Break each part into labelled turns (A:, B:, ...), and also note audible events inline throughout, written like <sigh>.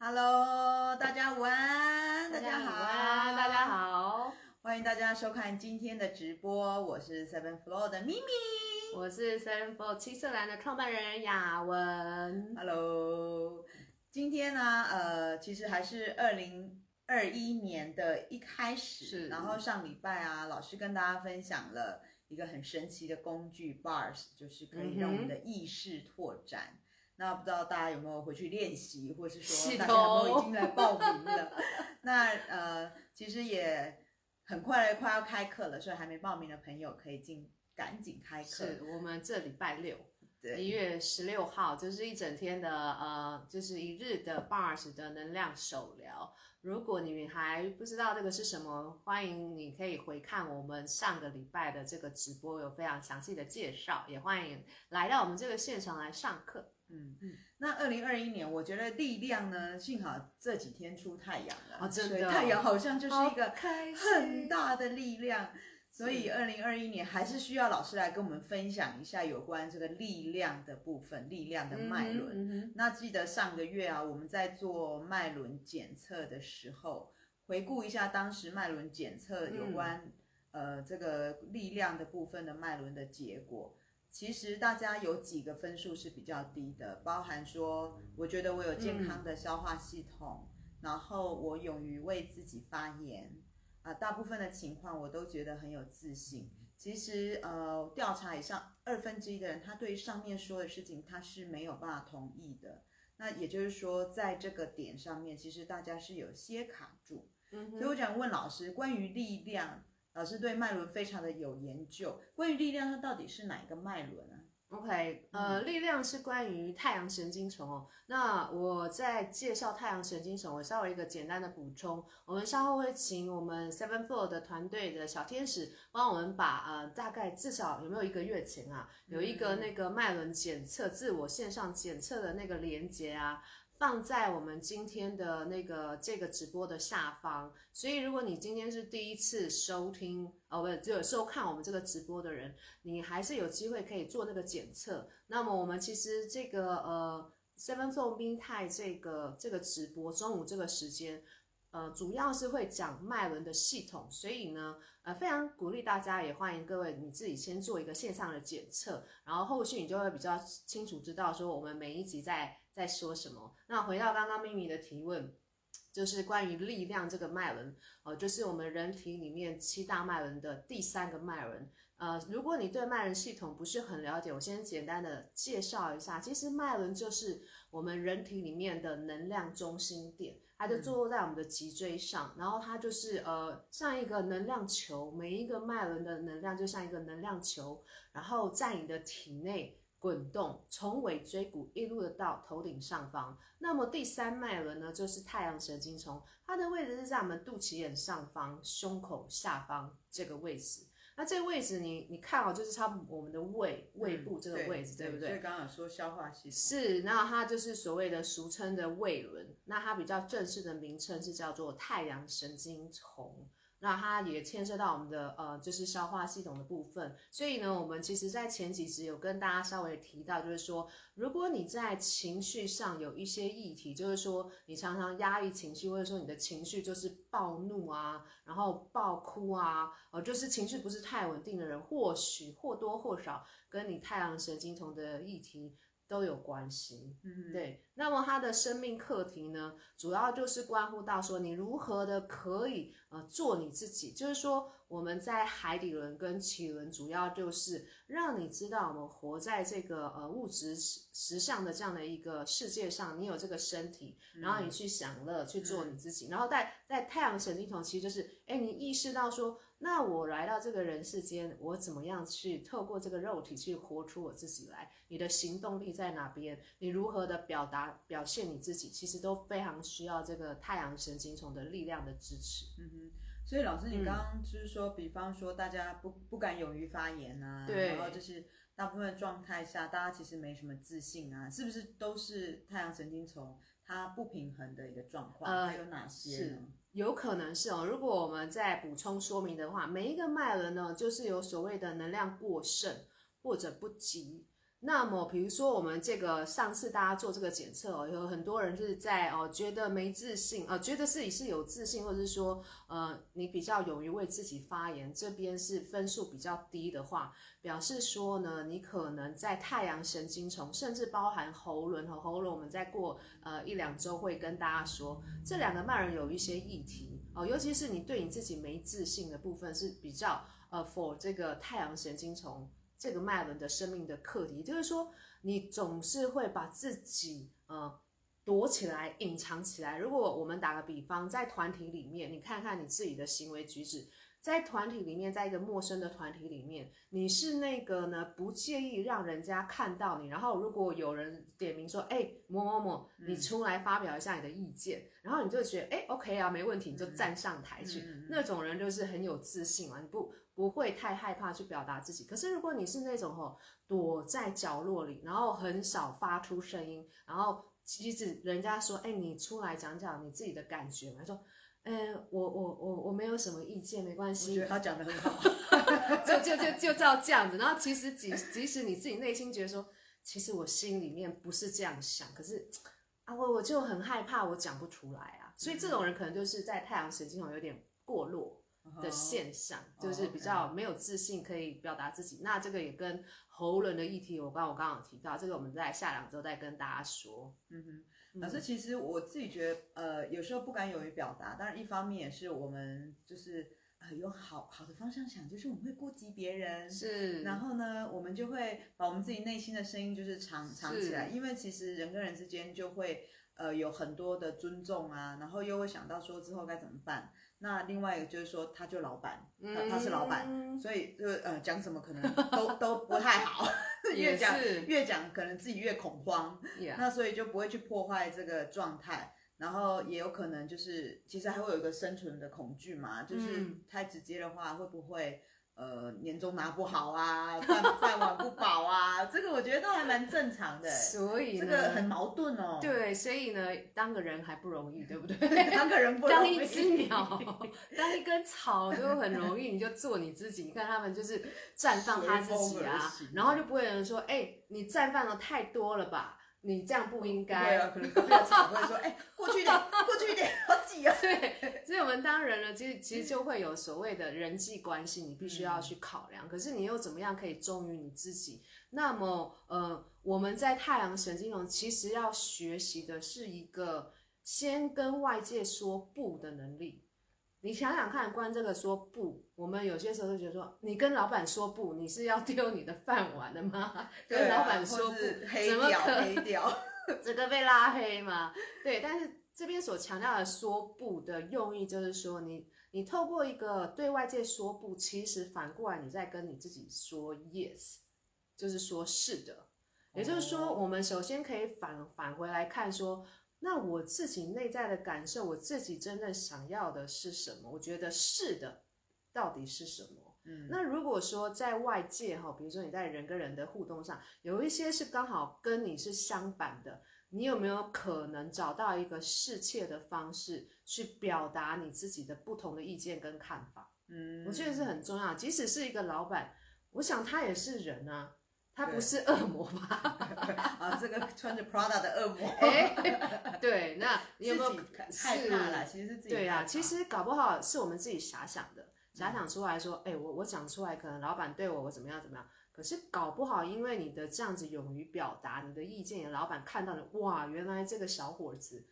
A: Hello，大家午安！大家好，大家好，歡迎大家收看今天的直播。我是 7flow 的咪咪，我是 7flow 七色藍的創辦人雅雯。Hello，今天呢，呃，其實還是二零二一年的一開始，是，然後上禮拜啊，老師跟大家分享了一個很神奇的工具 Bars，就是可以讓我們的意識拓展。Mm hmm. 那不知道大家有沒有回去練習，或是說哪些朋友已經來報名了？ <laughs> 那呃，其實也很快快要開課了，所以還沒報名的朋友可以進，趕緊開課。是我們這禮拜六，一對月十六號，就是一整
B: 天的呃，就是一日的 Bars 的能量手療。如果你們還不知道這個是什麼，歡迎你可以回看我們上個禮拜的這個直播，
A: 有非常詳細的介紹。也歡迎來到我們這個現場來上課。嗯嗯，那二零二一年，我覺得力量呢，幸好這幾天出太陽了啊，這個太陽好像就是一個很大的力量。所以二零二一年還是需要老師來跟我們分享一下有關這個力量的部分，力量的脈輪。嗯嗯嗯，那記得上個月啊，我們在做脈輪檢測的時候，回顧一下當時脈輪檢測有關，嗯，呃這個力量的部分的脈輪的結果。其實大家有幾個分數是比較低的，包含說，我覺得我有健康的消化系統，嗯、然後我勇於為自己發言，啊、呃，大部分的情況我都覺得很有自信。其實，呃，調查以上二分之一的人，他對上面說的事情他是沒有辦法同意的。那也就是說，在這個點上面，其實大家是有些卡住。嗯哼，所以我想問老師，關於力量。老師對脈輪非常的有研究，關於力量它到底是哪一個脈輪啊？OK，呃，力量是關於太陽神經
B: 叢哦。那我在介紹太陽神經叢，我稍微一個簡單的補充，我們稍後會請我們 7flow 的團隊的小天使幫我們把呃大概至少有沒有一個月前啊，有一個那個脈輪檢測自我線上檢測的那個連結啊。放在我們今天的那個這個直播的下方，所以如果你今天是第一次收聽，哦、呃、不是，就收看我們這個直播的人，你還是有機會可以做那個檢測。那麼我們其實這個呃 Sevenfold 明泰這個這個直播中午這個時間，呃，主要是會講麥輪的系統，所以呢，呃，非常鼓勵大家，也歡迎各位你自己先做一個線上的檢測，然後後續你就會比較清楚知道說我們每一集在。在說什麼？那回到剛剛咪咪的提問，就是關於力量這個脈輪，呃，就是我們人體裡面七大脈輪的第三個脈輪。呃，如果你對脈輪系統不是很了解，我先簡單的介紹一下。其實脈輪就是我們人體裡面的能量中心點，它就坐落在我們的脊椎上，然後它就是呃，像一個能量球，每一個脈輪的能量就像一個能量球，然後在你的體內。滾動，從尾椎骨一路的到頭頂上方。那麼第三脈輪呢，就是太陽神經叢，它的位置是在我們肚臍眼上方、胸口下方這個位置。那這個位置你你看哦，就是差不多我們的胃胃部這個位置，嗯、對，對，對，對不對？所以剛剛有說消化系統是，那它就是所謂的俗稱的胃輪，那它比較正式的名稱是叫做太陽神經叢。那它也牽涉到我們的呃，就是消化系統的部分。所以呢，我們其實在前幾集有跟大家稍微提到，就是說，如果你在情緒上有一些議題，就是說你常常壓抑情緒，或者說你的情緒就是暴怒啊，然後暴哭啊，呃，就是情緒不是太穩定的人，或許或多或少跟你太陽神經叢的議題，都有關係，嗯哼，對。那麼他的生命課題呢，主要就是關乎到說，你如何的可以呃做你自己。就是說，我們在海底輪跟臍輪，主要就是讓你知道，我們活在這個呃物質實實相的這樣的一個世界上，你有這個身體，然後你去享樂、嗯、哼去做你自己。然後在在太陽神經叢，其實就是，哎、欸，你意識到說。那我來到這個人世間，我怎麼樣去透過這個肉體去活出我自己來？你的行動力在哪邊？你如何的表達表現你自己？其實都非常需要這個太陽神經叢的力量的支
A: 持。嗯哼，所以老師，你剛剛就是說，嗯、比方說大家不不敢勇於發言啊，然後對就是大部分狀態下大家其實沒什麼自信啊，是不是都是太陽神經叢它不平衡的一個狀況？啊、呃，還有哪些？是。有可
B: 能是哦，如果我們再補充說明的話，每一個脈輪呢，就是有所謂的能量過剩或者不及。那麼，比如說我們這個上次大家做這個檢測哦，有很多人就是在哦覺得沒自信，呃，覺得自己是有自信，或者是說，呃，你比較勇於為自己發言，這邊是分數比較低的話，表示說呢，你可能在太陽神經叢，甚至包含喉輪和、哦、喉輪，我們再過呃一兩周會跟大家說這兩個脈輪有一些議題哦、呃，尤其是你對你自己沒自信的部分是比較呃 for 這個太陽神經叢。這個脈輪的生命的課題，就是說，你總是會把自己呃躲起來、隱藏起來。如果我們打個比方，在團體裡面，你看看你自己的行為舉止。在團體裡面，在一個陌生的團體裡面，你是那個呢？不介意讓人家看到你。然後，如果有人點名說：“欸，某某某，你出來發表一下你的意見。”嗯，然後你就覺得：“欸，OK 啊，沒問題。”你就站上台去。嗯，嗯，那種人就是很有自信啊，你不不會太害怕去表達自己。可是如果你是那種哦，躲在角落裡，然後很少發出聲音，然後。其實人家說，哎、欸，你出來講講你自己的感覺嘛。他說，嗯、欸，我我我我沒有什麼意見，沒關係。他講得很好， <laughs> <laughs> 就就就就照這樣子。然後其實即即使你自己內心覺得說，其實我心裡面不是這樣想，可是啊，我我就很害怕，我講不出來啊。所以這種人可能就是在太陽神經叢有點過弱。的現象、哦、就是比較沒有自信，可以表達自己。哦 okay、那這個也跟喉輪的議題我剛，我剛我剛剛提到，這個我們在下兩周再跟大家說。
A: 嗯哼，老師，嗯、其實我自己覺得，呃，有時候不敢勇於表達，但是一方面也是我們就是、呃、有好好的方向想，就是我們會顧及別人，是。然後呢，我們就會把我們自己內心的聲音就是藏藏起來，是因為其實人跟人之間就會呃有很多的尊重啊，然後又會想到說之後該怎麼辦。那另外一個就是說，他就老闆、嗯，他，他是老闆，所以就呃講什麼可能都 <laughs> 都不太好，越講是越講可能自己越恐慌，Yeah. 那所以就不會去破壞這個狀態，然後也有可能就是其實還會有一個生存的恐懼嘛，就是太直接的話會不會？呃，年終拿不好啊，飯飯碗不保啊， <laughs> 這個我覺得都還蠻正常的。所以呢，這個很矛盾哦。
B: 對，所以呢，當個人還不容易，對不對？ <laughs> 當個人不容易，當一隻鳥，當一根草都很容易， <laughs> 你就做你自己。你看他們就是綻放他自己啊，啊然後就不會有人說：“哎、欸，你綻放了太多了吧。”你這樣不應該。嗯啊、
A: 可能有 <laughs> 不會說、
B: 欸，過去一點，過去一點，好擠啊！對，所以我們當人了，其實其實就會有所謂的人際關係，嗯、你必須要去考量。可是你又怎麼樣可以忠於你自己？那麼，呃，我們在太陽神經叢其實要學習的是一個先跟外界說不的能力。你想想看，關這個說不，我們有些時候就覺得說，你跟老板說不，你是要丟你的飯碗的嗎？對跟老板說不，是黑掉，怎麼可？掉 <laughs> 這個被拉黑嗎？ <laughs> 對，但是這邊所強調的說不的用意，就是說你你透過一個對外界說不，其實反過來你在跟你自己說 yes，就是說是的。Oh. 也就是說，我們首先可以反返回來看說。那我自己內在的感受，我自己真正想要的是什麼？我覺得是的，到底是什麼？嗯，那如果說在外界哈，比如說你在人跟人的互動上，有一些是剛好跟你是相反的，你有沒有可能找到一個適切的方式去表達你自己的不同的意見跟看法？嗯，我覺得是很重要。即使是一個老闆，我想他也是人啊。他不是惡魔吧？啊，這個穿着 Prada 的惡魔。哎，對，那你有沒有看怕了？是啊、其實是自己對啊，其實搞不好是我們自己遐想的，遐想出來說，哎、嗯欸，我我講出來，可能老闆對我我怎麼樣怎麼樣。可是搞不好，因為你的這樣子勇於表達你的意見，老闆看到了，哇，原來這個小伙子。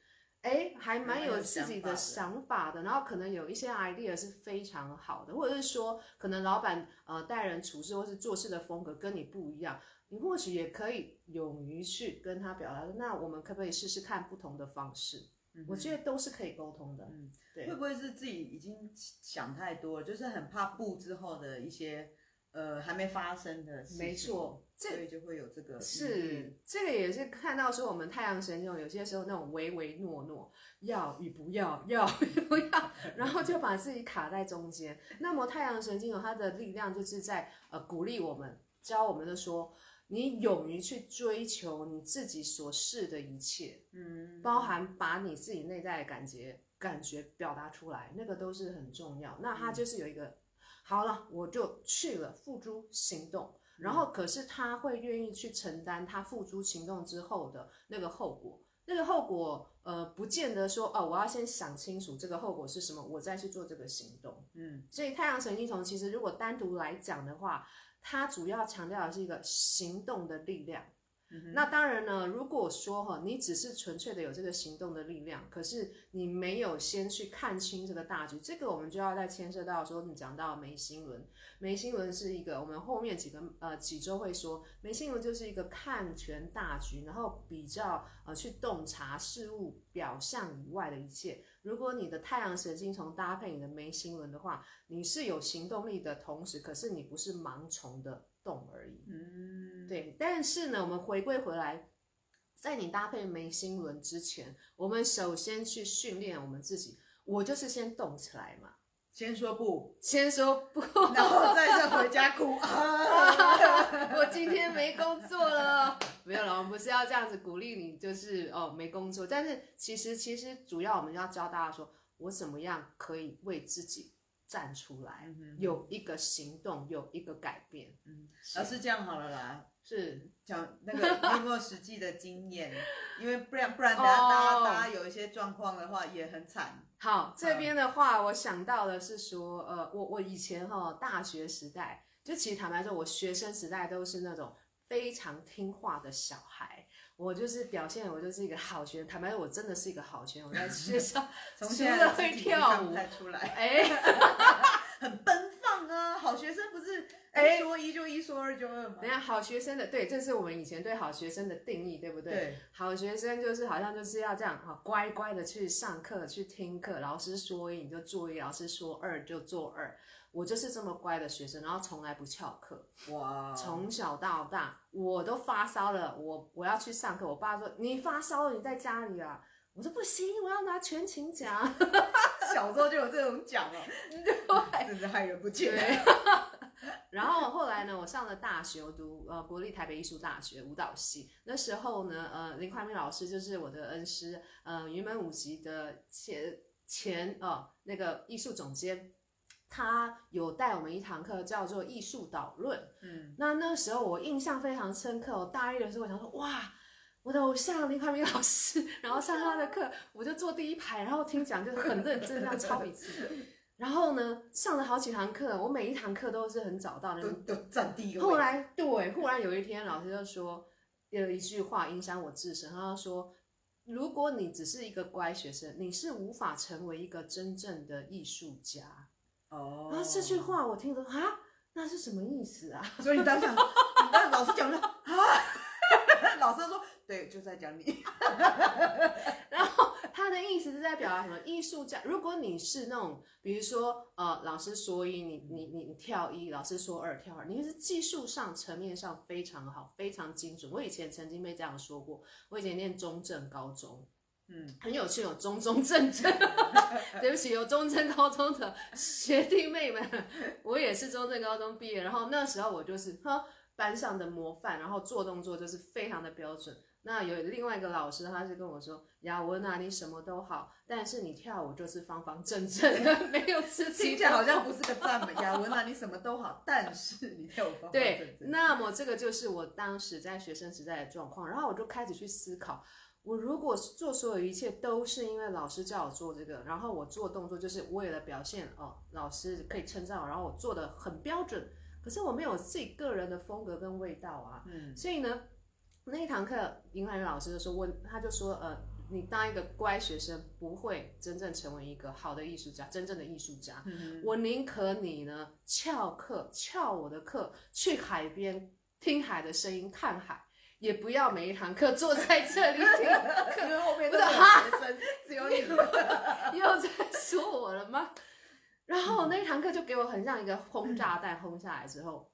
B: 哎，還蠻有自己的想法的，法的，然後可能有一些 idea 是非常好的，或者是說，可能老板呃，待人處事或是做事的風格跟你不一樣，你或許也可以勇於去跟他表達說，那我們可不
A: 可以試試看不同的方式？嗯哼。我覺得都是可以溝通的。嗯，對。會不會是自己已經想太多了，就是很怕不之後的一些？呃，還沒發生的事，沒錯，所以就會有這個。嗯、是，嗯、
B: 這個也是看到說我們太陽神經有些時候那種唯唯諾諾，要與不要，要與不要，然後就把自己卡在中間。 <laughs> 那麼太陽神經有它的力量，就是在呃鼓勵我們，教我們的說，你勇於去追求你自己所是的一切，嗯，包含把你自己內在的感覺感覺表達出來，那個都是很重要。那它就是有一個。嗯好了，我就去了，付諸行動。然後，可是他會願意去承擔他付諸行動之後的那個後果。那個後果，呃，不見得說哦，我要先想清楚這個後果是什麼，我再去做這個行動。嗯，所以太陽神經叢其實如果單獨來講的話，它主要強調的是一個行動的力量。 <noise> 那當然呢，如果說哈，你只是純粹的有這個行動的力量，可是你沒有先去看清這個大局，這個我們就要再牽涉到說，你講到眉心輪，眉心輪是一個，我們後面幾個呃幾周會說，眉心輪就是一個看全大局，然後比較呃去洞察事物表象以外的一切。如果你的太陽神經叢搭配你的眉心輪的話，你是有行動力的同時，可是你不是盲從的動而已。嗯。 <noise> 對，但是呢，我們回歸回來，在你搭配眉心輪之前，我們首先去訓練我們自己。我就是先動起來嘛，先說不，先說不，
A: 然後再是回家哭、 <laughs> 啊。我今天沒工作了。 <laughs>
B: 沒有了，我們不是要這樣子鼓勵你，就是哦沒工作。但是其實其實主要我們要教大家說，我怎麼樣可以為
A: 自己，站出來，有一個行動，有一個改變。嗯，老師這樣好了啦，是講那個經 <laughs> 過實際的經驗，因為不然不然大家大家，oh. 大家有一些狀況的話也很慘。好，這邊的話，oh. 我想
B: 到的是說，呃，我我以前哈大學時代，就其實坦白說，我學生時代都是那種非常聽話的小孩。我就是表現，我就是一個好學生。坦白說，我真的是一個好學生。我在學校學了會跳舞，哎， <laughs> 欸、
A: <laughs> 很奔放啊！好學生不是一說一就一，說二
B: 就二嘛、欸、等下，好學生的對，這是我們以前對好學生的定義，對不對？對，好學生就是好像就是要這樣啊，乖乖的去上課去聽課，老師說一你就做一，老師說二就做二。我就是這麼乖的學生，然後從來不翹課。哇！Wow. 從小到大，我都發燒了，我我要去上課。我爸說：“你發燒了，你在家裡啊？”我說：“不行，我要拿全勤獎。 <laughs> ” <laughs> 小時候就有這種
A: 獎了，對，真是害人不淺。
B: 對 <laughs> 然後後來呢，我上了大學，我讀呃國立台北藝術大學舞蹈系。那時候呢，呃林懷民老師就是我的恩師，呃雲門舞集的前前哦、呃、那個藝術總監。他有帶我們一堂課，叫做《藝術導論》。嗯，那那時候我印象非常深刻。我大一的時候，我想說，哇，我的偶像林懷民老師，然後上他的課，我就坐第一排，然後聽講就是很認真，這樣抄筆記。然後呢，上了好幾堂課，我每一堂課都是很早到，都都站第一個。後來，對，忽然有一天，老師就說有一句話影響我至深。他說：“如果你只是一個乖學生，你是無法成為一個真正的藝術家。”哦啊，oh, 然後這句
A: 話我聽着啊，那是什麼意思啊？所以你當下，那老師講的 <laughs> 啊，老師說對，就是在講你。 <laughs> 然
B: 後他的意思是在表達什麼？藝術家，如果你是那種，比如說呃，老師說一，你你你跳一；老師說二，跳二。你是技術上層面上非常好，非常精準。我以前曾經被這樣說過，我以前念中正高中。嗯，很有趣，有中中正正， <laughs> 對不起，有中正高中的學弟妹們，我也是中正高中畢業，然後那時候我就是班上的模範，然後做動作就是非常的標準。那有另外一個老師，他是跟我說：“ <laughs> 雅雯啊，你什麼都好，但是你跳舞就是方方正正的， <laughs> 沒有吃氣。”聽起來好像不是個讚美。 <laughs> 雅雯啊，
A: 你什麼都好，但是你跳舞方方
B: 正正。對，那麼這個就是我當時在學生時代的狀況，然後我就開始去思考。我如果做所有一切都是因為老師叫我做這個，然後我做動作就是為了表現哦，老師可以稱讚我，然後我做的很標準。可是我沒有自己個人的風格跟味道啊。嗯，所以呢，那一堂課，林懷民老師就說，問他就說，呃，你當一個乖學生不會真正成為一個好的藝術家，真正的藝術家。嗯哼，我寧可你呢翹課，翹我的課，去海邊聽海的聲音，看海。也不要每一堂課坐在這裡聽，因為 <laughs> 後面都是學生，是哈只有你們的 <laughs> 又在說我了嗎？ <laughs> 然後那一堂課就給我很像一個轟炸彈轟下來之後，嗯、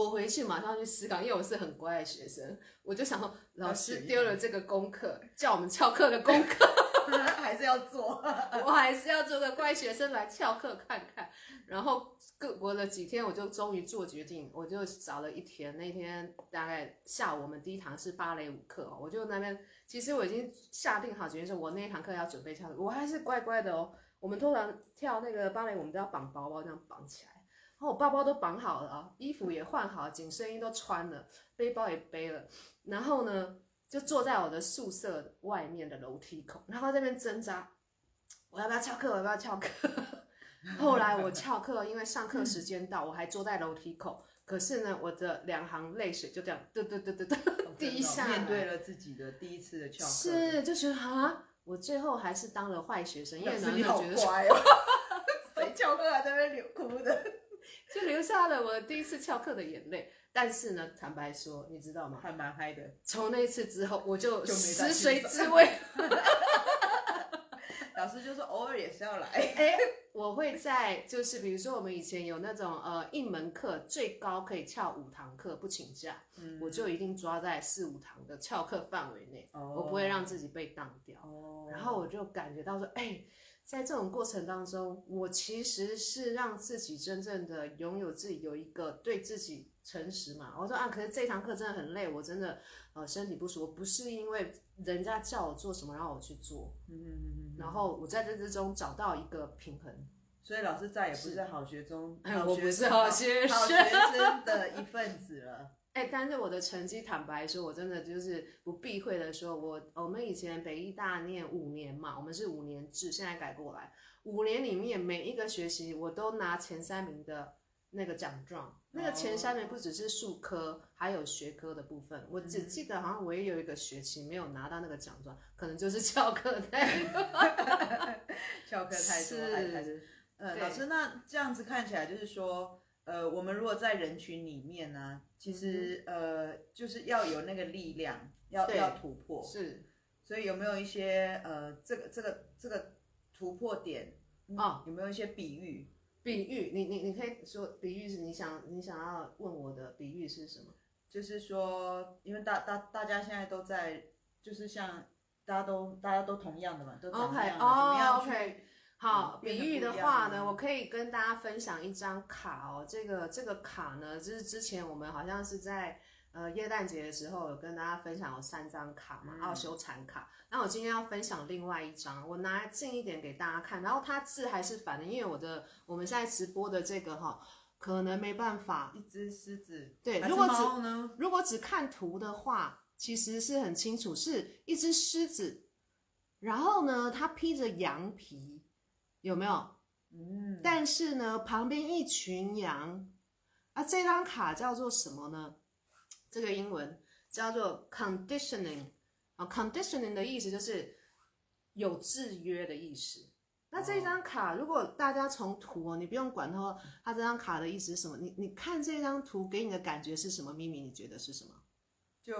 B: 我回去馬上去思考，因為我是很乖的學生，我就想說老師丟了這個功課，啊、叫我們翹課的功課。 <laughs> <laughs> 還是要做， <laughs> <laughs> 我還是要做個乖學生來翹課看看。然後過了幾天，我就終於做決定，我就找了一天。那天大概下午，我們第一堂是芭蕾舞課，我就那邊其實我已經下定好決定，說我那一堂課要準備翹。我還是乖乖的哦。我們通常跳那個芭蕾，我們都要綁包包這樣綁起來。然後我包包都綁好了啊，衣服也換好了，緊身衣都穿了，背包也背了。然後呢？就坐在我的宿舍外面的樓梯口，然後在那邊掙扎，我要不要翹課？我要不要翹課？
A: 後來我
B: 翹課，因為上課時間到，嗯、我還坐在樓梯口。可是呢，我的兩行淚水就這樣，對對對對對，滴下。面對了
A: 自己的第一次的翹
B: 課。是，就覺得啊，我最後還是當了壞學生，師因為男生覺得乖哦，所以翹課還在那邊流哭的，就留下了我第一次翹課的眼淚。但是呢，坦白說，你知道嗎？還蠻嗨的，從那一次之後，我就食髓知味。
A: <laughs> <laughs> 老師就說偶爾也是要來、欸。
B: 我會在，就是比如說我們以前有那種呃一門課最高可以翹五堂課不請假，嗯、我就一定抓在四五堂的翹課範圍內，哦、我不會讓自己被當掉。哦、然後我就感覺到說，哎、欸，在這種過程當中，我其實是讓自己真正的擁有自己有一個對自己。誠實嘛，我說啊，可是這堂課真的很累，我真的呃身體不舒服，不是因為人家叫我做什麼然後我去做，嗯，嗯，嗯然後我在這之中找到一個平衡，
A: 所以老師再也不是好學中，我不是好學生好，好學生的一份子了。
B: 哎，但是我的成績坦白說，我真的就是不避諱的說，我我們以前北藝大念五年嘛，我們是五年制，現在改過來，五年裡面每一個學期我都拿前三名的那個獎狀。那個前三名不只是術科，還有學科的部分。我只記得好像我也有一個學期沒有拿到那個獎狀，
A: 可能就是翹課太、翹課太什麼還是？老師，那這樣子看起來就是說，呃，我們如果在人群裡面呢，其實呃，就是要有那個力量，要要突破。是，所以有沒有一些呃，這個這個這個突破點啊？有沒有一些比喻？比喻，你你你可以說比喻是，你想你想要問我的比喻是什麼？就是說，因為大大大家現在都在，就是像大家都大家都同樣的嘛，都同樣的，Okay. 怎麼要去？Oh, okay. 好，嗯，比喻的話呢，嗯，我
B: 可以跟大家分享一張卡哦，這個這個卡呢，就是之前我們好像是在。呃，耶誕節的時候有跟大家分享有三張卡嘛，奧修禪卡。那、嗯、我今天要分享另外一張，我拿近一點給大家看。然後它字還是反的，因為我的我們現在直播的這個哈、哦，可能沒辦法。一
A: 只獅子，對，呢如果只
B: 如果只看圖的話，其實是很清楚是一只獅子。然後呢，它披着羊皮，有沒有？嗯。但是呢，旁邊一群羊。啊，這張卡叫做什麼呢？這個英文叫做 conditioning，啊、oh, conditioning 的意思就是有制約的意思。那這張卡，如果大家從圖、哦，你不用管它，它這張卡的意思是什麼？你你看這張圖給你的感覺是什麼？秘密，你覺得是什麼？
A: 就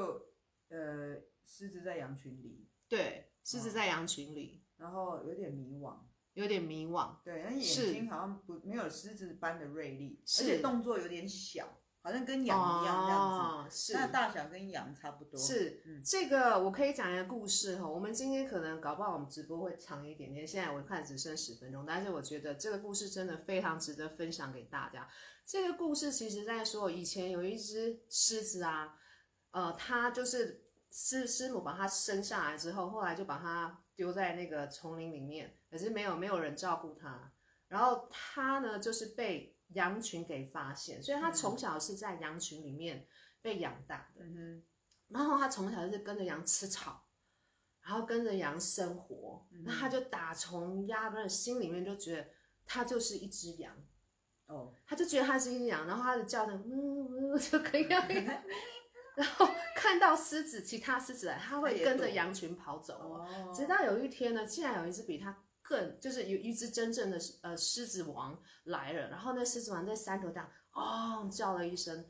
A: 呃，獅子在羊群裡。對，
B: 獅子在羊群裡，哦、然後有點迷惘，有點迷惘。對，但眼睛好
A: 像不是沒有獅子般的銳利，是而且動作有點小。好像跟羊一樣、哦、這樣子，是那大小跟羊差不多。是、嗯、
B: 這個，我可以講一個故事哈。我們今天可能搞不好我們直播會長一點點，現在我看只剩十分鐘，但是我覺得這個故事真的非常值得分享給大家。這個故事其實在說，以前有一隻獅子啊，呃，它就是獅獅母把它生下來之後，後來就把它丟在那個叢林裡面，可是沒有沒有人照顧它，然後它呢就是被。羊群給發現，所以他從小是在羊群裡面被養大的，嗯、哼然後他從小就是跟着羊吃草，然後跟着羊生活，嗯、哼那他就打從壓的心裡面就覺得他就是一隻羊，哦，他就覺得他是一隻羊，然後他就叫他，嗯，我就可以了， <laughs> 然後看到獅子，其他獅子來，他會跟着羊群跑走哦，直到有一天呢，竟然有一隻比他。更就是有一隻真正的呃獅子王來了，然後那獅子王在山頭上啊叫了一聲，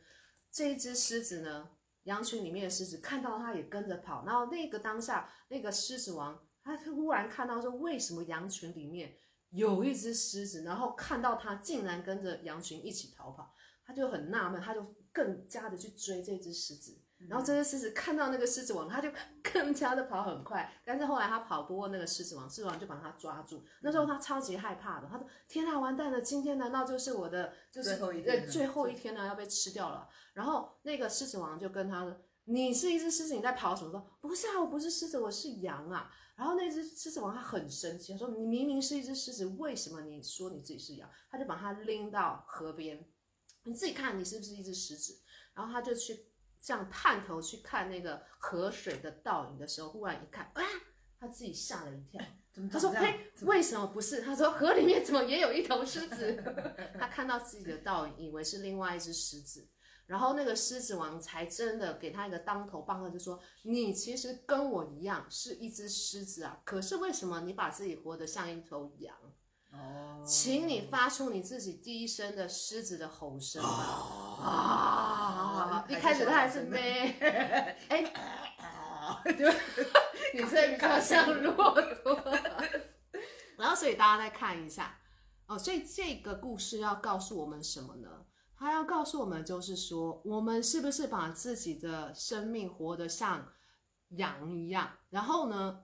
B: 這一隻獅子呢，羊群裡面的獅子看到它也跟着跑，然後那個當下那個獅子王，他忽然看到說，為什麼羊群裡面有一隻獅子，然後看到它竟然跟着羊群一起逃跑，他就很納悶，他就更加的去追這隻獅子。然後這只獅子看到那個獅子王，他就更加的跑很快。但是後來他跑不過那個獅子王，獅子王就把他抓住。那時候他超級害怕的，他說：“天哪、啊，完蛋了！今天難道就是我的最後一天？就是、最後一天呢，對要被吃掉了。”然後那個獅子王就跟他說：“你是一隻獅子，你在跑什麼？”說：“不是啊，我不是獅子，我是羊啊。”然後那隻獅子王他很生氣，說：“你明明是一隻獅子，為什麼你說你自己是羊？”他就把他拎到河邊，你自己看你是不是一隻獅子。然後他就去。這樣探頭去看那個河水的倒影的時候，忽然一看，哎、啊，他自己嚇了一跳。怎麼怎麼他說：“嘿，為什麼不是？”他說：“河裡面怎麼也有一頭獅子？” <laughs> 他看到自己的倒影，以為是另外一隻獅子。然後那個獅子王才真的給他一個當頭棒喝，就說：“你其實跟我一樣是一隻獅子啊，可是為什麼你把自己活得像一頭羊？”請你發出你自己第一聲的獅子的吼聲吧！啊，啊啊一開始他還是咩？是哎，啊、你是比較像駱駝。弱多然後，所以大家再看一下，哦，所以這個故事要告訴我們什麼呢？它要告訴我們，就是說，我們是不是把自己的生命活得像羊一樣？然後呢？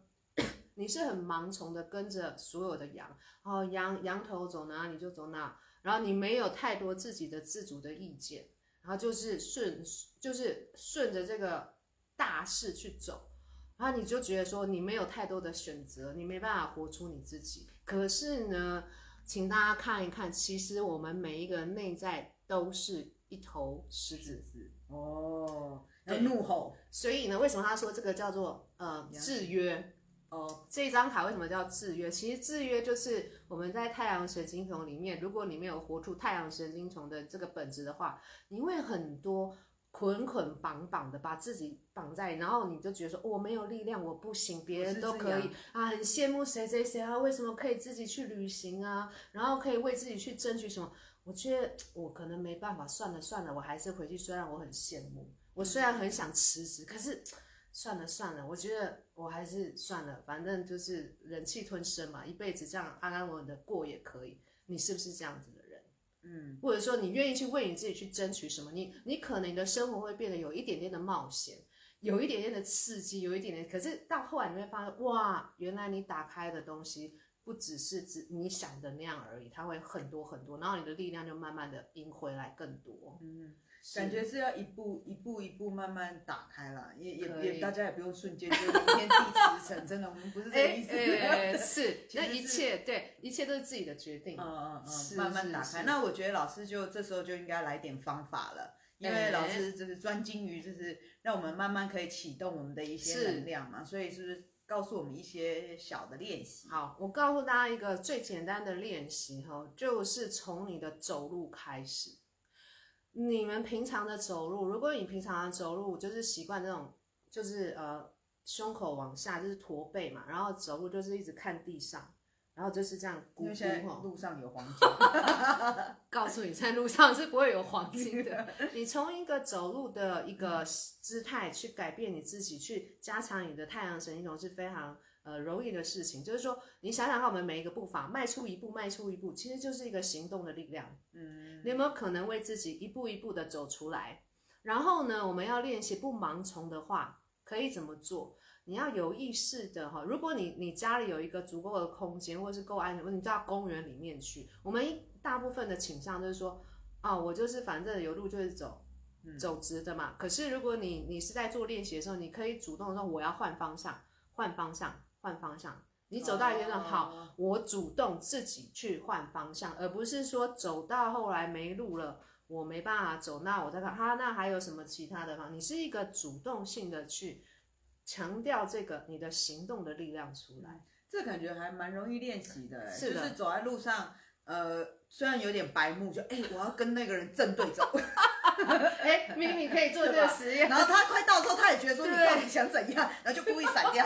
B: 你是很盲從的跟着所有的羊，然後羊羊頭走哪你就走哪，然後你沒有太多自己的自主的意見，然後就是順就是順着這個大勢去走，然後你就覺得說你沒有太多的選擇，你沒辦法活出你自己。可是呢，請大家看一看，其實我們每一個人內在都是一頭獅子，子哦，的怒吼。所以呢，為什麼他說這個叫做呃制約？哦，這張卡為什麼叫制約？其實制約就是我們在太陽神經叢裡面，如果你沒有活出太陽神經叢的這個本質的話，你會很多捆捆綁綁的，把自己綁在，然後你就覺得說、哦、我沒有力量，我不行，別人都可以啊，很羨慕誰誰誰啊，為什麼可以自己去旅行啊，然後可以為自己去爭取什麼？我覺得我可能沒辦法，算了算了，我還是回去。雖然我很羨慕，我雖然很想辭職，可是。算了算了，我覺得我還是算了，反正就是忍氣吞聲嘛，一輩子這樣安安穩穩的過也可以。你是不是這樣子的人？嗯，或者說你願意去為你自己去爭取什麼？你你可能你的生活會變得有一點點的冒險，有一點點的刺激，有一點點。嗯，可是到後來你會發現，哇，原來你打開的東西不只是只你想的那樣而已，它會很多很多，然後你的力量就慢慢的贏回來更多。嗯。是感覺是要一步一
A: 步一步慢慢打開啦，也以也也大家也不用瞬間就天地馳騁，真的， <laughs> 我們不是這個意思、欸欸。是，其實是那一切對，一切都是自己的決定。嗯嗯嗯，嗯，慢慢打開。那我覺得老師就這時候就應該來點方法了，因為老師就是專精於就是讓我們慢慢可以啟動我們的一些能量嘛，是所以就是告訴我們一些小的練習？好，我告訴大家一個最簡單的練習哈，就
B: 是從你的走路開始。你們平常的走路，如果你平常的走路就是習慣這種，就是呃胸口往下，就是駝背嘛，然後走路就是一直看地上，然後就是這樣咕咕，路上有黃金， <laughs> 告訴你在路上是不會有黃金的。 <laughs> 你從一個走路的一個姿態去改變你自己，去加強你的太陽神經叢是非常。呃，容易的事情就是說，你想想看，我們每一個步伐邁出一步，邁出一步，其實就是一個行動的力量。嗯，你有沒有可能為自己一步一步的走出來？然後呢，我們要練習不盲從的話，可以怎麼做？你要有意識的哈、哦。如果你你家裡有一個足夠的空間，或是夠安全，你到公園裡面去。我們一大部分的傾向就是說，啊，我就是反正有路就是走，走直的嘛。嗯、可是如果你你是在做練習的時候，你可以主動說我要換方向，換方向。換方向，你走到一邊的，哦、好，我主動自己去換方向，而不是說走到後來沒路了，我沒辦法走，那我再看哈、啊，那還有什麼其他的方向？你是一個主動性的去強調這個你的行動的力
A: 量出來，嗯、這感覺還蠻容易練習的、欸、的，是不是走在路上，呃，雖然有點白目，就哎、欸，我要跟那個人正對走。 <laughs> 哎、 <laughs> 欸，咪咪可以做這個實驗，然後他快到的時候，他也覺得說你到底想怎樣？對然後就故意閃掉。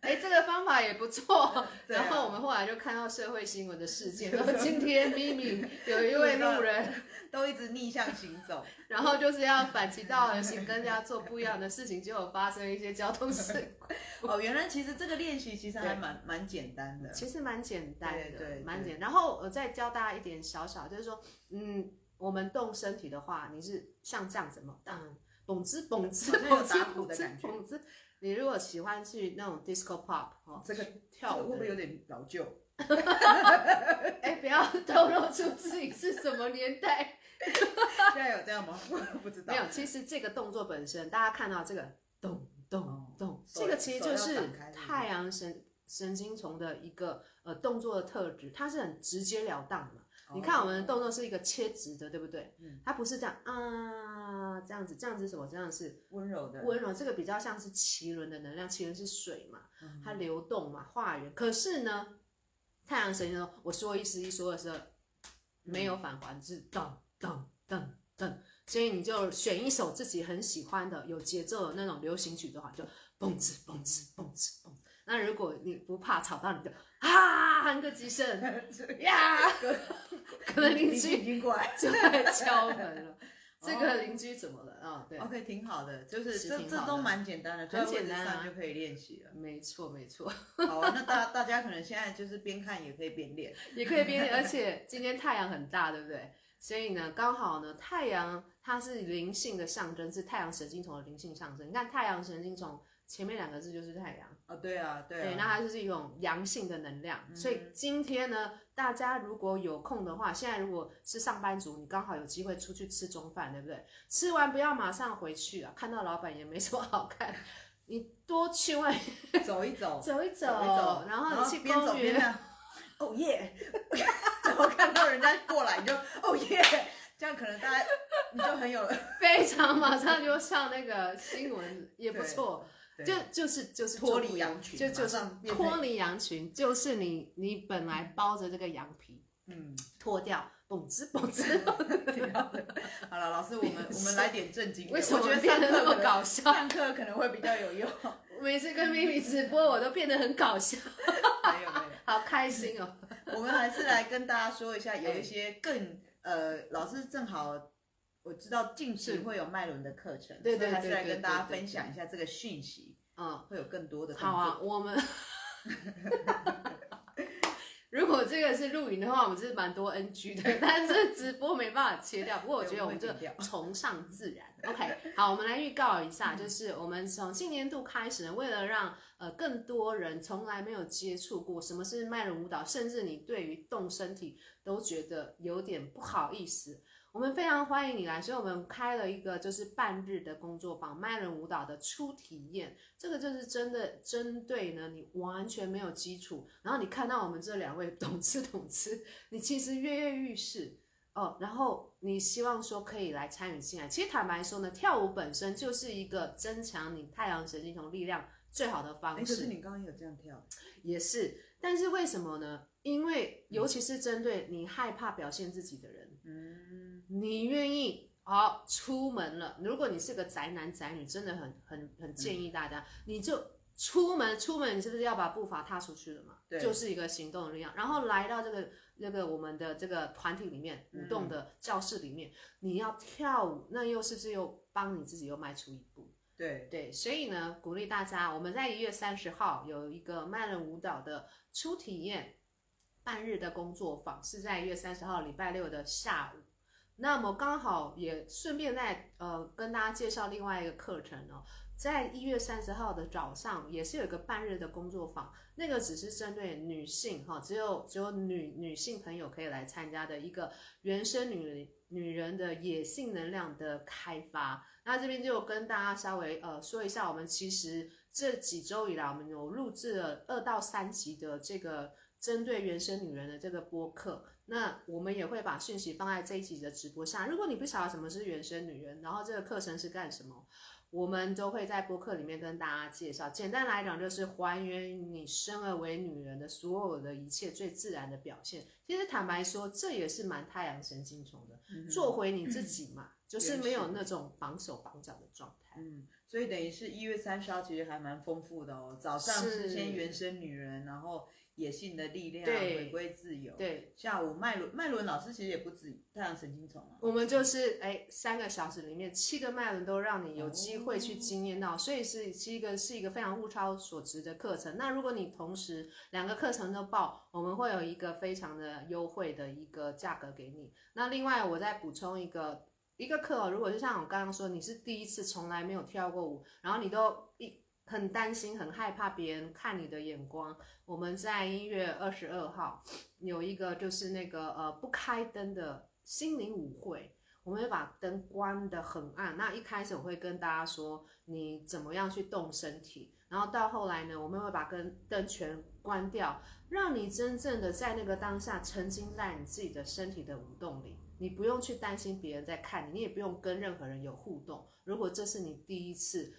B: 哎、 <laughs> 欸，這個方法也不錯。然後我們後來就看到社會新聞的事件，然後今天咪咪有一位路人都一直逆向行走， <laughs> 然後就是要反其道而行，跟人家做不一樣的事情，就有發生一些交通事故。哦，原來其實這個練習其實還蠻蠻簡單的，其實蠻簡單的，蠻簡單。然後我再教大家一點小小，就是說，嗯。我們動身體的話，你是像這樣子嗎？當然，蹦滋蹦滋，那種打鼓的感覺。蹦滋。你如果喜歡去那種 disco pop、這個、哦，這個跳舞會不會有點老舊？哈哈哈哈哈哈！哎，不要透露出自己是什麼年代。 <laughs> 現在有這樣嗎？我不知道。沒有，其實這個動作本身，大家看到這個咚咚咚，咚咚哦、這個其實就是太陽神神經叢的一個呃動作的特質，它是很直截了當的。你看我們的動作是一個切直的，哦、對不對？嗯、它不是這樣啊，這樣子，這樣子是什麼？這樣子是
A: 溫柔的，溫柔。
B: 這個比較像是臍輪的能量，臍輪是水嘛，它流動嘛，畫圓。可是呢，太陽神經叢，我說一是一，說的時候、嗯、
A: 沒有
B: 返還，就是噔噔噔噔。所以你就選一首自己很喜歡的、有節奏的那種流行曲的話，就蹦子蹦子蹦子蹦子。蹦子那如果你不怕吵到你就，就啊哼個幾聲，呀，Yeah! 可能鄰居已經過來就來敲門了。
A: Oh, 這個鄰居怎麼了？啊、oh，對，OK，挺好的，就是這挺好，這都蠻簡單的，很簡單就可以練習了。沒錯，沒錯。好，那大大家可能現在就是邊看也可以邊練， <laughs> 也可以邊練。而且
B: 今天太陽很大，對不對？所以呢，剛好呢，太陽它是靈性的象徵，是太陽神經叢的靈性象徵。你看太陽神經叢前面兩個字就是太陽。哦、對啊，對啊，對。那它就是一種陽性的能量。嗯、所以今天呢，大家如果有空的話，現在如果是上班族，你剛好有機會出去吃中飯，對不對？吃完不要馬上回去啊。看到老闆也沒什麼好看。你多去外面走一
A: 走， <laughs> 走一走，然後你去邊走邊哦耶！我 <laughs> 看到人家過來你就哦耶， <laughs> oh、yeah, 這樣可能大家你就很有了非常，馬上
B: 就上那個新聞也不錯。就就是就是脫離羊群，就就算脫離羊群，就是你你本來包着這個羊皮，嗯，
A: 脫掉，嘣哧嘣哧挺好的。好了，老師，我們我們來點正經的。為什麼上課那麼搞笑？上課可,可能會比較有用。我每次跟咪咪直播，我都變得很搞笑，沒 <laughs> <laughs> 沒有沒有，好開心哦。 <laughs> 我們還是來跟大家說一下，有一些更呃，老師正好。我知道近期會有脈輪的課程是，對對對，對，對，對，對，對，對，對，還是來跟大家分享一下這個訊息。嗯，會有更多的更多好啊。我們 <laughs> <laughs> 如果這個是錄影的話，我們就是蠻多
B: NG 的，對但是直播沒辦法切掉。不過我覺得我們就崇尚自然。OK，好，我們來預告一下，就是我們從新年度開始，呢、嗯，為了讓呃更多人從來沒有接觸過什麼是脈輪舞蹈，甚至你對於動身體都覺得有點不好意思。我們非常歡迎你來，所以我們開了一個就是半日的工作坊，邁倫舞蹈的初體驗。這個就是真的針對呢，你完全沒有基礎，然後你看到我們這兩位懂吃懂吃，你其實躍躍欲試哦。然後你希望說可以來參與進來。其實坦白說呢，跳舞本身就是一個增強你太陽神經叢力量最好的方式。欸，可是你剛
A: 剛有這樣跳，
B: 也是。但是為什麼呢？因為尤其是針對你害怕表現自己的人，嗯。嗯你願意好、哦、出門了。如果你是個宅男宅女，真的很很很建議大家，嗯、你就出門。出門你是不是要把步伐踏出去了嘛？對，就是一個行動的力量。然後來到這個這個我們的這個團體裡面，嗯、舞動的教室裡面，你要跳舞，那又是不是又幫你自己又邁出一步？對對，所以呢，鼓勵大家，我們在一月三十號有一個慢人舞蹈的初體驗，半日的工作坊，是在一月三十號禮拜六的下午。那麼剛好也順便再呃跟大家介紹另外一個課程哦，在一月三十號的早上也是有一個半日的工作坊，那個只是針對女性哈，只有只有女女性朋友可以來參加的一個原生女女人的野性能量的開發。那這邊就跟大家稍微呃說一下，我們其實這幾周以來我們有錄制了二到三集的這個針對原生女人的這個播客。那我們也會把訊息放在這一集的直播上。如果你不曉得什麼是原生女人，然後這個課程是幹什麼，我們都會在播客裡面跟大家介紹。簡單來講，就是還原你生而為女人的所有的一切最自然的表現。其實坦白說，這也是蠻太陽神經叢的。嗯、哼做回你自己嘛，嗯、就是沒有那種綁手
A: 綁腳的狀態。嗯，所以等於是一月三十號，其實還蠻豐富的哦。早上是先原生女人，是然後。野性的力量，對回歸自由。對，下午脈輪脈輪老師其實也不止太陽神經叢、
B: 啊、我們就是哎，三個小時裡面七個脈輪都讓你有機會去經驗到，哦、所以是七個是一個非常物超所值的課程。那如果你同時兩個課程都報，我們會有一個非常的優惠的一個價格給你。那另外我再補充一個，一個課、哦、如果就像我剛剛說，你是第一次從來沒有跳過舞，然後你都一。很擔心，很害怕別人看你的眼光。我們在一月二十二號有一個，就是那個呃不開燈的心靈舞會，我們會把燈關得很暗。那一開始我會跟大家說，你怎麼樣去動身體，然後到後來呢，我們會把燈燈全關掉，讓你真正的在那個當下沉浸在你自己的身體的舞動裡。你不用去擔心別人在看你，你也不用跟任何人有互動。如果這是你第一次。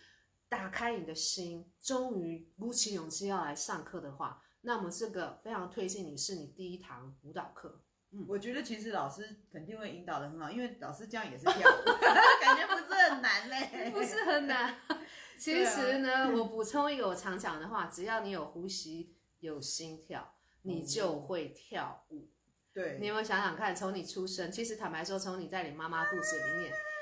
B: 打開你的心，終於鼓起勇氣要來上課的話，那麼這個非常推薦你是你第一堂舞蹈課。嗯，我覺
A: 得其實老師肯定會引導得很好，因為老師這樣也是跳舞。 <laughs> 感覺不是很難嘞，不是很難。其實呢，嗎我補充一個我常講的話，只要你有
B: 呼吸、有心跳，你就會跳
A: 舞。嗯、對，你有沒
B: 有想想看，從你出生，其實坦白說，從你在你媽媽肚子裡面。 <laughs>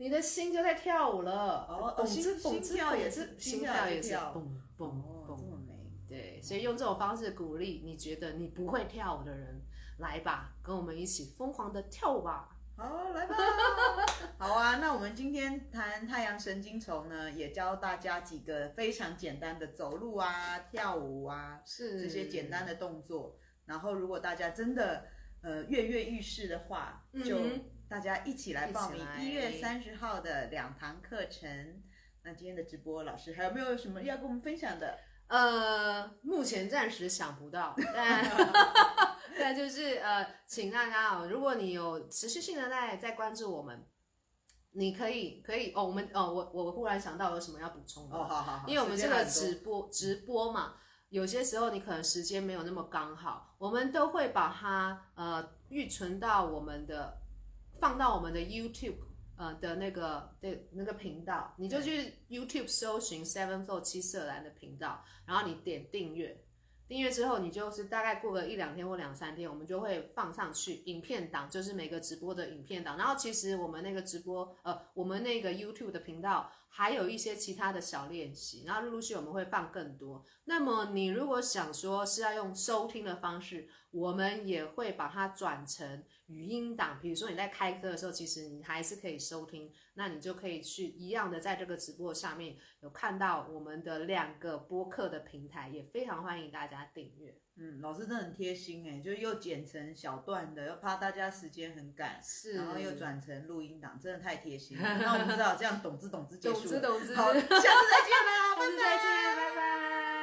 B: 你的心就在跳舞了，哦，心心跳，心跳也是，心跳也是，蹦蹦蹦，蹦、哦，這麼美，對，哦、所以用這種方式鼓勵你覺得你不會跳舞的人，哦、來吧，
A: 跟我們一起瘋狂的跳吧，好，來吧， <laughs> 好啊，那我們今天談太陽神經叢呢，也教大家幾個非常簡單的走路啊、跳舞啊，是這些簡單的動作，然後如果大家真的呃躍躍欲試的話，就。大家一起來報名一月三十號的兩堂課程。那今天的直播，老師還有沒有什麼要跟我們分享的？呃，目前暫時想不到。
B: 但 <laughs> 但就
A: 是呃，
B: 請大家哦，如果你有持續性的在在關注我們，你可以可以哦，我們哦，我我忽然想到有什麼要補充的哦，好好好，因為我們這個直播直播嘛，有些時候你可能時間沒有那麼剛好，我們都會把它呃預存到我們的。放到我們的 YouTube 呃的那個，對，那個頻道，你就去 YouTube 搜尋 7flow 七色藍的頻道，然後你點訂閱，訂閱之後你就是大概過個一兩天或兩三天，我們就會放上去影片檔，就是每個直播的影片檔。然後其實我們那個直播呃，我們那個 YouTube 的頻道還有一些其他的小練習，然後陸陸續續我們會放更多。那麼你如果想說是要用收聽的方式，我們也會把它轉成。語音檔，比如說你在開課的時候，其實你還是可以收聽，那你就可以去一樣的在這個直播上面有看到我們的兩個播客的平
A: 台，也非常歡迎大家訂閱。嗯，老師真的很貼心哎、欸，就又剪成小段的，又怕大家時間很趕。是，然後又轉成錄音檔，真的太貼心了。 <laughs> 那我們知道這樣，懂之懂之，就是懂之懂之。好，下次再見，下次再見，拜拜。拜拜。